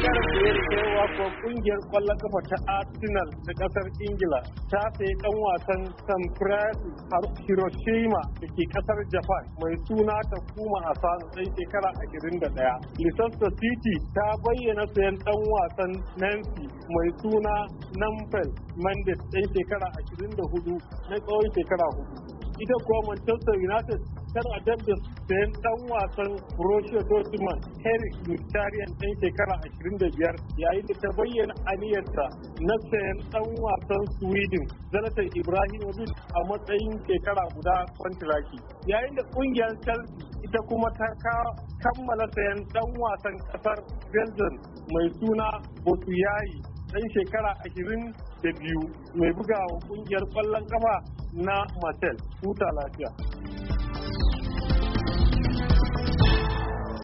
bangaren da ko kungiyar kwallon kafa ta Arsenal da kasar Ingila ta sayi dan wasan San Sampras Hiroshima da ke kasar Japan mai suna a Asano dan shekara 21. Leicester City ta bayyana sayan dan wasan Nancy mai suna Nampel Mendes dan shekara 24 na tsawon shekara hudu. Ita kuwa Manchester United tana a dambe sayan dan wasan Borussia Dortmund Eric Mkhitaryan ɗan shekara 25 yayin da ta bayyana aniyarta na sayan dan wasan Sweden Zlatan Ibrahimovic a matsayin shekara guda kwantiraki yayin da kungiyar Chelsea ita kuma ta kammala sayan dan wasan kasar Belgium mai suna Botuyayi ɗan shekara 22 mai bugawa kungiyar kwallon kafa na Marcel. Huta lafiya.